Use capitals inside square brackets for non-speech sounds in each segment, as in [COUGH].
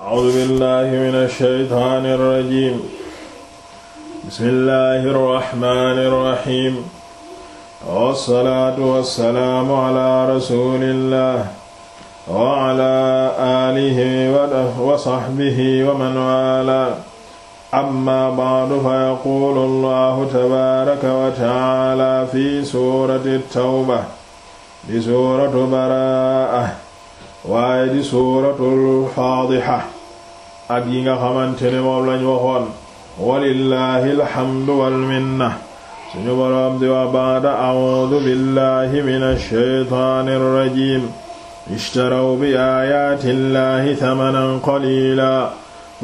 A'uuzu billaahi mina shaytaani rajiim. Bismillaahi rahmaani rahiim. Wassalaatu wassalaamu alaa rasuulillaah wa alaa aalihi wa sahbihi wa man waalaa. Ammaa ba'du fayaquulu Allaahu tabaaraka wa ta'aalaa fi suurati Tawba bi suuratu Baraa'a. waaye di suuratul faadiha ak yi nga xamante ne moom lañ waxoon walillahi alhamdu walminna suñu boroom di wa baada a'uudu billahi minash shaytaanir rajiim ishtaraw bi aayaati llahi thamanan qaliila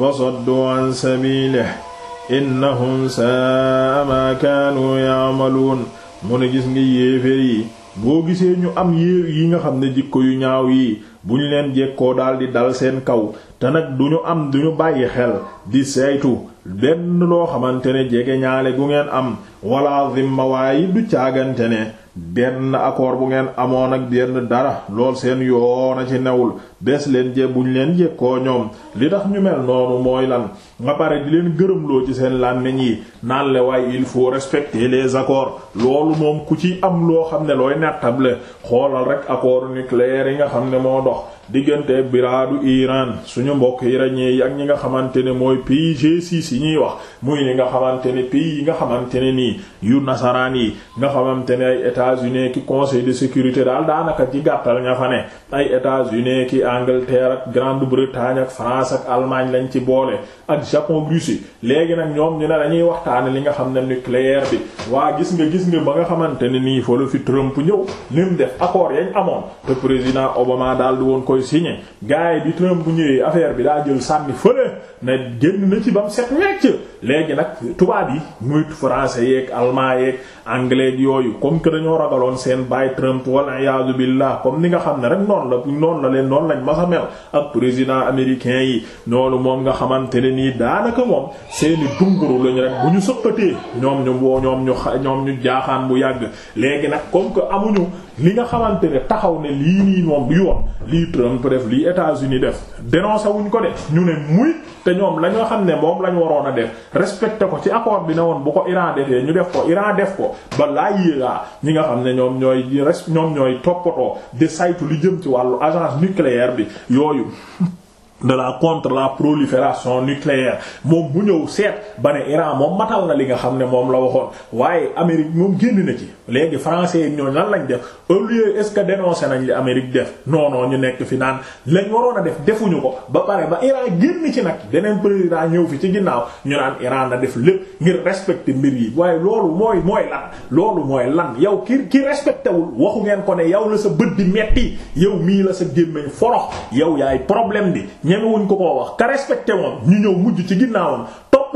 wa saddu an sabiilihi innahum saa'a maa kaanuu ya'maluun mu ne gis ngi yéefér yi boo gisee ñu am yi yi nga xam ne jikko yu ñaaw yi bu ñu leen jekkoo daal di dal seen kaw te nag du ñu am duñu bàyyi xel di saytu benn loo xamante ne jege ñaale gu ngeen am wala zimma waaye du caagante ne benn accord bu ngeen amoon ak benn dara lool seen yoon a ci newul bees leen jee buñ leen jekkoo ñoom li tax ñu mel noonu mooy lan nga pare di leen gërëmloo ci seen làmmiñ yi naan le waaye il faut respecter les accords loolu moom ku ci am loo xam ne looy nettable xoolal rek accord nucléaire yi nga xam ne moo dox diggante biraadu Iran suñu mbokk yi rañee yi ak ñi nga xamante ne mooy pays G6 yi ñuy wax muy li nga xamante ne pays yi nga xamante ne nii yu nasaraan yi nga xamante ne ay États-Unis ki conseil de sécurité daanaka ci gàttal ña fa ne ay États-Unis ki Angleterre ak Grande-Bretagne ak France ak Allemagne lañ ci boole ak Japon Russie léegi nag ñoom ñu ne dañuy waxtaane li nga xam ne nucléaire bi waa gis nga gis nga ba nga xamante ne nii fa la Trump ñëw lim def accord yañ amoon te président Obama daal di woon koy signé gars yi bi Trump bu ñëwee affaire bi daa jël sànni fële ne génn na ci ba mu set wecc léegi nag tubaab yi muy français yeeg allemand yeeg anglais yooyu comme que dañoo ragaloon seen baay Trump wala iyaadu billah comme ni nga xam ne rek noonu la noon la leen noonu lañ masa mel ak président américain yi noonu moom nga xamante ne nii daanaka moom seeni dunguru lañ rek bu ñu sëppatee ñoom ñu woo ñoom ñu xa ñoom ñu jaaxaan bu yàgg léegi nag comme que amuñu li nga xamante ne taxaw ne lii nii moom du yoon lii Trump doon ko def lii États-Unis def dénoncé wuñ ko de ñu ne muy te ñoom la ñoo xam ne moom la ñu waroon a def respecté ko ci accord bi ne woon bu ko Iran defee ñu def ko Iran def ko ba laa yéegaa ñi nga xam ne ñoom ñooy res ñoom ñooy toppatoo di saytu li jëm ci wàllu agence nucléaire bi yooyu [LAUGHS] de la contre la prolifération nucléaire moom bu ñëw seet ba ne Iran moom matal na li nga xam ne moom la waxoon waaye Amérique moom génn na ci léegi français yi ñooñu lan lañ def au lieu est-ce que dénoncé nañ li Amérique def non ñu nekk fi naan lañ waroon a def defuñu ko ba pare ba Iran génn ci nag beneen président ñëw fi ci ginnaaw ñu naan Iran na def lépp ngir respecter mbir yi waaye loolu mooy mooy lan loolu mooy lan yow ki ki respecté waxu ngeen ko ne yow la sa bët di metti yow mii la sa gémmiñ forox yow yaay problème bi. ñemewuñ ko koo wax ka respecté woon ñu ñëw mujj ci ginnaawam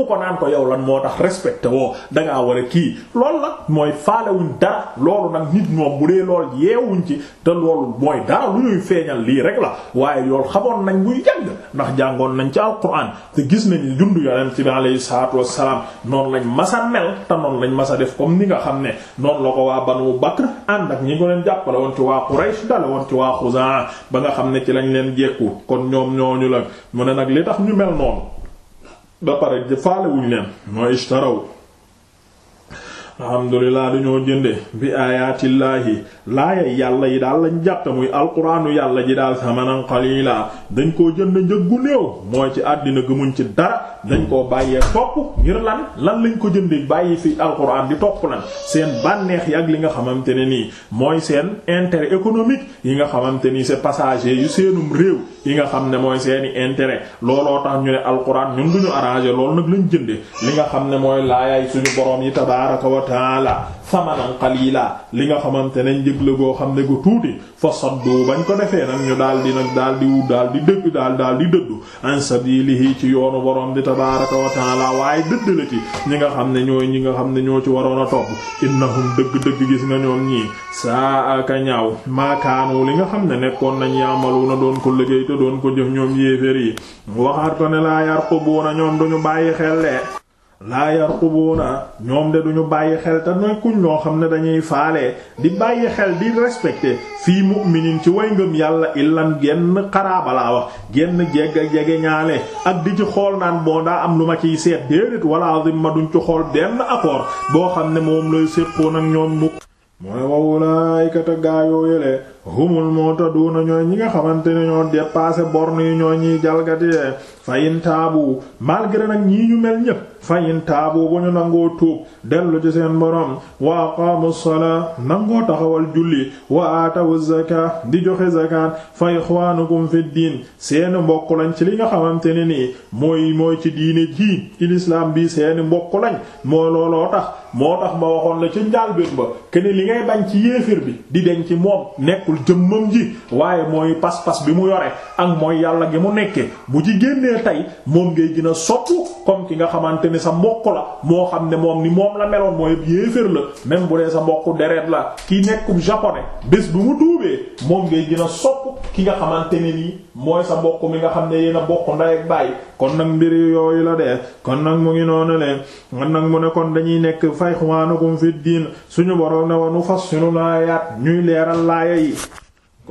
topp ko yow lan moo tax respecté woo dangaa war a kii loolu nag mooy faalewuñ dara loolu nag nit moom bu dee lool yeewuñ ci te loolu mooy dara lu ñuy feeñal lii rek la waaye yool xamoon nañ buy yàgg ndax jàngoon nañ ci alquran te gis nañ dund yonent bi alayhi salaatu wassalaam noonu lañ masa mel te noonu lañ masa def comme ni nga xam ne noonu la ko waa Banu Bakr ànd ak ñi ko leen jàppale woon ci waa Quraysh dale woon ci waa Xuzaa ba nga xam ne ci lañ leen jekku kon ñoom ñooñu la mu ne nag li tax ñu mel noonu ba pare faale wuñ leen mooy ishtaraw alhamdulilah dañoo jënde bi ayaatillaahi laaya yàlla yi daal lañ jàppe muy alquraanu yàlla ji daal samanan qalila dañ koo jënd njëggu néew mooy ci àddina gëmuñ ci dara dañ koo bàyyee topp ngir lan lan lañ ko jënde bàyyi fi alquraan di topp lan seen bànneex yi ak li nga xamante ne nii mooy seen intérêt économique yi nga xamante ni c'est passager yu seenum réew yi nga xam ne mooy seeni intérêt looloo tax ñu ne alquran ñun duñu arrangé loolu nag lañ jënde li nga xam ne mooy laayaay suñu borom yi tabaaraka wa taala samanan qalila li nga xamante ne njëg la goo xam ne gu tuuti fa saddu bañ ko defee nag ñu daal di nag daal di wut daal di dëgg daal daal di dëddu an ci yoonu borom bi tabaraka wa taala waaye dëddalati ñi nga xam ne ñooy ñi nga xam ne ñoo ci waroon a topp innahum dëgg-dëgg gis nga ñoom ñii saa aka ñaaw maakaanu li nga xam ne nekkoon nañ yaamalu na doon ko liggéey te doon ko jëf ñoom yéefér yi waxaat ko ne laa yar ko buuna ñoom duñu bàyyi laa yarqubuuna ñoom de duñu bàyyi xel te nekkuñ ñoo xam ne dañuy faale di bàyyi xel di respecté fii mu'minin ci way ngëm yàlla illan genn xaraaba laa wax genn jege jege ñaale ak di ci xool naan boo daa am lu ma ciy seet déedéet wala zimma duñ ci xool benn accord boo xam ne moom lay séqoon ak ñoom mukk mooy ne wa ulaayika te gaa yooyale humul mu'taduuna ñooy ñi nga xamante ne ñoo dépassé borne yi ñoo ñiy jalgati fayin taabu malgré nag ñii ñu mel ñépp fayin taabu bu ñu nangoo tuub dellu ci seen borom waa aqaamu nangoo taxawal julli wa aatawu zakaat di joxe zakaat fay ixwaanukum fi diin seeni mbokk lañ ci li nga xamante ne nii mooy mooy ci diine jii ci lislaam bi seeni mbokk lañ moo looloo tax moo tax ma waxoon la ci njàlbéen ba kene li ngay bañ ci yéefir bi di deñ ci moom nekkul jëmmam ji waaye mooy pas-pas bi mu yore ak mooy yàlla gi mu nekke gënee tey moom ngay gën a soppu comme ki nga xamante ni sa mbokk la moo xam ne moom ni moom la meloon mooy yéeféer la même bu dee sa mbokk deret la ki nekkum japonais bés bu mu tuubee moom ngay gën a sopp ki nga xamante ne nii mooy sa mbokk mi nga xam ne yéen a bokk ndey ak baay kon nag mbir yooyu la dee kon nag mu ngi noonu leen kon nag mu ne kon dañuy nekk fay xumaanakum fi diin suñu boroom ne wa nufassilu laayaat ñuy leeral laaya yi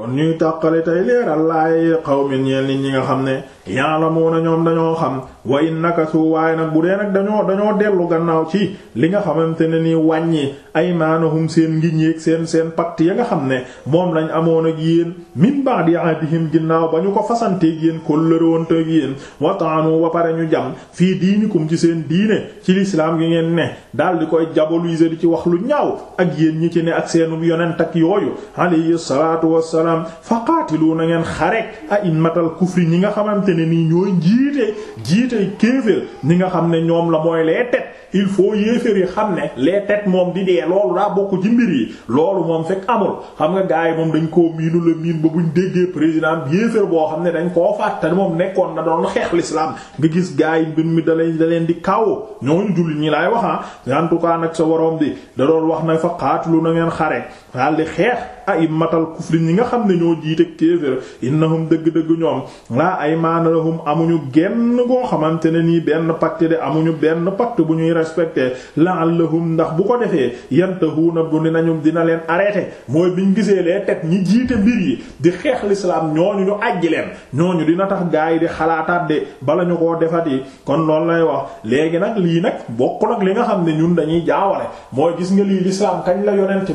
kon ñuy tàqale tey leeral laay xaw mi ñeen ñi nga xam ne ya'lamuna ñoom dañoo xam wa in nakasu waaye nag bu dee nag dañoo dañoo dellu gannaaw ci li nga xamante ne nii ay aymaanahum seen ngi yéeg seen seen pacte ya nga xam ne moom lañ amoon ak yéen min ba'di ahdihim ginnaaw ba ñu ko fasanteeg yéen kóllëroonteeg yéen wataanu wa pare ñu jam fii diinikum ci seen diine ci lislaam gi ngeen ne daal di koy diaboliser di ci wax lu ñaaw ak yéen ñi ci ne ak seenum yonent ak yooyu alayhi salaatu wassalaam faqaatilu na nangeen xarek a immatal kufri ñi nga xamante ne nii ñooy jiite cay kéeféer ñi nga xam ne ñoom la mooy les têtes il faut yéeféer yi xam ne les têtes moom di dee loolu daa bokk ci mbir yi loolu moom fekk amul xam nga gars yi moom dañ koo miinu la miin ba buñ déggee président yéeféer boo xam ne dañ koo fàttali moom nekkoon na doon xeex l'islam nga gis gars yi mbir mi da leen leen di kawo ñooñu julli ñi lay wax ah en tout nag sa woroom bi da doon wax na fa xaatulu na ngeen xare daal di xeex ay matal kufri yi nga xam ne ñoo jiite kéefér innahum dëgg-dëgg ñoom laa aymaana lahum amuñu genn goo xamante ne nii benn pacte de amuñu benn pacte bu ñuy respecté la'allahum ndax bu ko defee yantahuuna bu nañu dina leen arrêté mooy ñu gisee lee têtes ñi jiite mbir yi di xeex l'islam ñoo ñu àjji leen ñooñu dina tax gaay di xalaataat de bala ñu koo defat yi kon loolu lay wax léegi nag lii nag bokk nag li nga xam ne ñun dañuy jaawale mooy gis nga lii l'islam kañ la yonent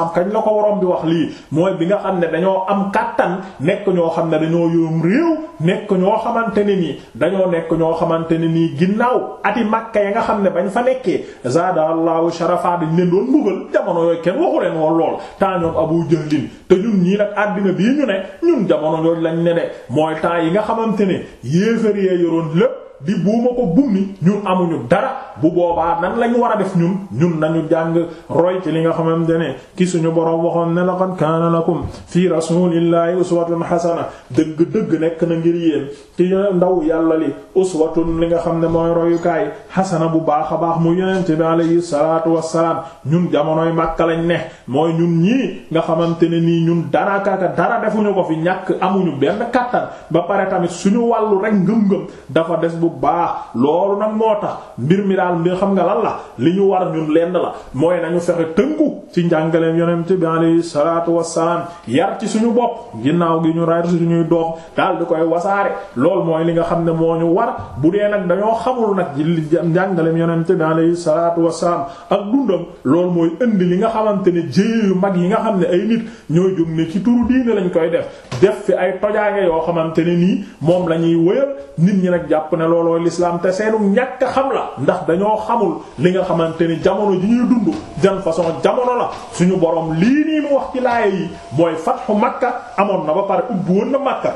salaam kañ la ko waroon bi wax lii mooy bi nga xam ne dañoo am kàttan nekk ñoo xam ne dañoo yóom réew nekk ñoo xamante ne nii dañoo nekk ñoo xamante ne nii ginnaaw ati makka ya nga xam ne bañ fa nekkee zaada allahu sharafa ñu leen doon mbugal jamono yooyu kenn waxu leen woon lool temps ñoom abu jahlin te ñun ñii nag àddina bii ñu ne ñun jamono yooyu lañ ne de mooy temps yi nga xamante ne yéefar yee yoroon lépp di buuma ko bummi ñun amuñu dara bu boobaa nan lañ war a def ñun ñun nañu jàng roy ci li nga xamante ne ki suñu boroom waxoon ne laqad kaana lakum fii rasulillahi uswatun hasana dëgg-dëgg nekk na ngir yéen ci ndaw yàlla li uswatun li nga xam ne mooy royukaay hasana bu baax a baax mu yonente bi alayhi salaatu wassalaam ñun jamonoy Makka lañ ne mooy ñun ñii nga xamante ne nii ñun dara kaka dara defuñu ko fi ñàkk amuñu benn kàttan ba pare suñu wàllu bu baax loolu nag moo tax mbir mi daal mbir xam nga lan la li ñu war ñun lenn la mooy nañu fexe tënku ci njàngaleem yonent bi alayhi salaatu wassalaam yar ci suñu bopp ginnaaw gi ñu rar suñuy doom daal koy wasaare loolu mooy li nga xam ne moo ñu war bu dee nag dañoo xamul nag li njàngaleem yonent bi alayhi salaatu wassalaam ak dundam loolu mooy indi li nga xamante ne jéey yu mag yi nga xam ne ay nit ñooy jóg ne ci turu diine lañ koy def def fi ay tojaange yoo xamante ne nii moom la ñuy wëyal nit ñi nag jàpp ne loolooy lislaam te seenu ñàkk xam la ndax dañoo xamul li nga xamante ni jamono ji ñuy dund jan façon jamono la suñu borom lii nii mu wax ci laaya yi mooy fatxu makka amoon na ba pare ubbi na makka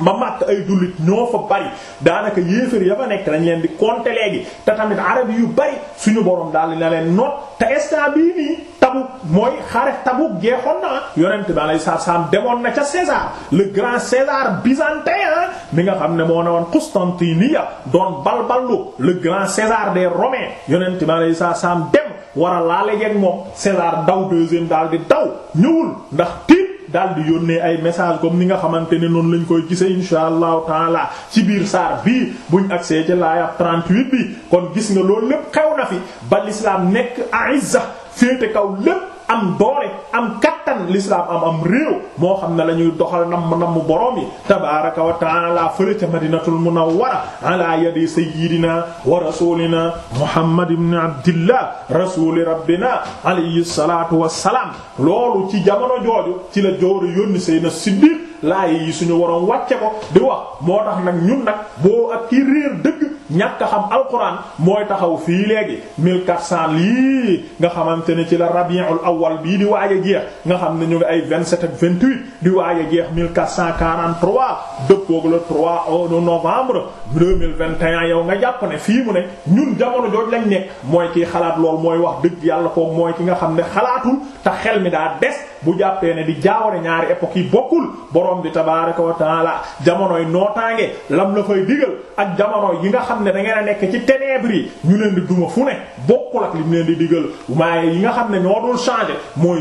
ma màkk ay jullit ñoo fa bari daanaka yéefar ya fa nekk dañ leen di compter léegi te tamit arab yu bari suñu borom daal di na leen noot te instant bii nii Tabuk mooy xare Tabuk jeexoon na yonent bi alayhi salaam demoon na ca César le grand César byzantin mi nga xam ne moo ne woon Constantinople doon balballu le grand César des Romains yonent bi alayhi salaam dem war a laale jeeg moo César daw deuxième daal di daw ñëwul ndax tiit daal di yónnee ay message comme ni nga xamante ne noonu lañ koy gisee insha allahu taala ci biir saar bii buñ agsee ci laayab 38 bi kon gis nga loolu lépp xew na fi ba l'islam nekk aizza féete kaw lépp am doole am kattan l'islam am am réew moo xam ne la ñuy doxal namm namm boroom yi tabaraka wa taala fële ca madinatul munawwara ala yadi sayyidina wa rasulina muhammad ibn abdillah rasuli rabbina alayhi salatu wassalam loolu ci jamono jooju ci la joor yónni sayna siddiq laaye yi suñu waroon wàcce ko di wax moo tax nag ñun nag boo ak ki réer dëgg ñàkk a xam alquran mooy taxaw fii léegi 1400 lii nga xamante ne ci la rabiul awal bii di waaj a jeex nga xam ne ñu ngi ay 27 ak 28 di waaj a jeex 1443 dëppoog le 3 novembre 2021 yow nga jàpp ne fii mu ne ñun jamono jooj lañ nekk mooy kii xalaat lool mooy wax dëgg yàlla koog mooy ki nga xam ne xalaatul te xel mi daa des. bu jàppee ne di jaawale ñaari époque yi bokkul borom di tabaaraka wa taala jamonoy nootaange lam la fay digal ak jamono yi nga xam ne da ngeen a nekk ci ténèbres yi ñu leen di duma fu ne bokkul ak lim leen di digal waaye yi nga xam ne ñoo dul changer mooy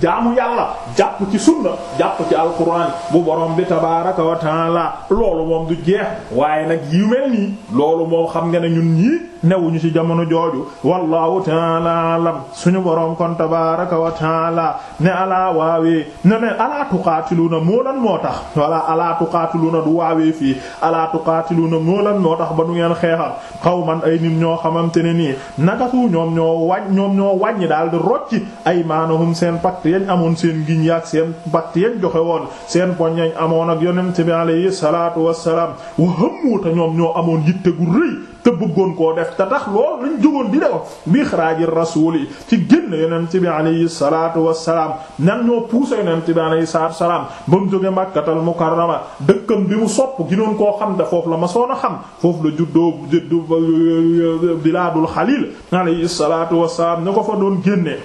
jaamu yàlla jàpp ci sunna jàpp ci alquran bu borom bi tabaaraka wa taala loolu moom du jeex waaye nag yu mel nii loolu moom xam nga ne ñun ñii newuñu ci jamono jooju wallahu taala alam suñu borom kon tabaaraka ne alaa waawee ne ne alaa tuqaatiluna moo lan moo tax walla alaa na du waawee fii alaa tuqaatiluna na lan moo tax ba du ngeen xeexal qawman ay nit ñoo xamante ne nii nakasu ñoom ñoo wàññ ñoom ñoo wàññi daal di rocci ay maanahum seen pacte yañ amoon seen giñ yaak seen pacte yañ joxe woon seen poñ yañ amoon ak yonent bi alayhi salaatu wassalaam wa hammu ta ñoom ñoo amoon yitte gu rëy te bëggoon koo def te tax loolu lañ jugoon di def bi xiraaji rasuul yi ci génn yonent bi alayhi salaatu wassalaam nan ñoo poussé yonent bi alayhi salaatu wassalaam ba mu jóge Makkatal Mukarrama dëkkam bi mu sopp ginoon koo xam da foofu la ma soon a xam foofu la juddoo juddu euh, euh, bilaadul xaliil alayhi salaatu wassalaam ñu ko fa doon génnee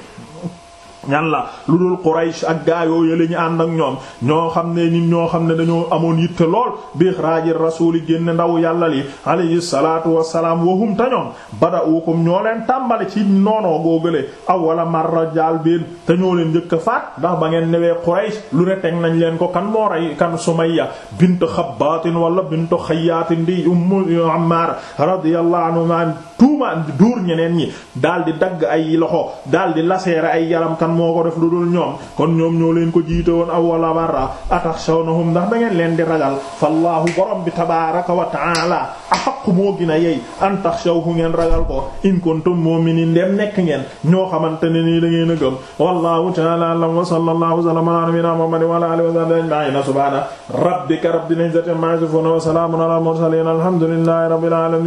ñan la lu dul Quraysh ak gaayoo yële ñu ànd ak ñoom ñoo xam ne nit ñoo xam ne dañoo amoon yitte lool bi ixraajir rasuuli génn ndaw yàlla li alayhi salaatu wassalaam wahum te ñoom bada'ukum ñoo leen tàmbali ci noonoo góogale awwala marra jaal been te ñoo leen njëkk a faat ndax ba ngeen newee Quraysh lu ne teg nañ leen ko kan moo rey kan Sumayya bint Xabbaatin wala bint Xayyaatin di ummu Ammaar radiyallahu an tuuma duur ñeneen ñi daal di dagg ay loxo daal di ay yaram kan moo ko def lu dul ñoom kon ñoom ñoo leen ko jiite woon awwala barra ataxshawnahum ndax da ngeen leen di ragal fallaahu borom bi tabaaraka wa ta'ala axaqu moo gën a yey an taxshawhu ngeen ragal ko in kuntum mu'minin dem nekk ngeen ñoo xamante ne nii da ngeen a gëm wallahu ta'ala a'lam wa sallallahu wa sallama ala nabiyyina muhammadin wa ala alihi wa sahbihi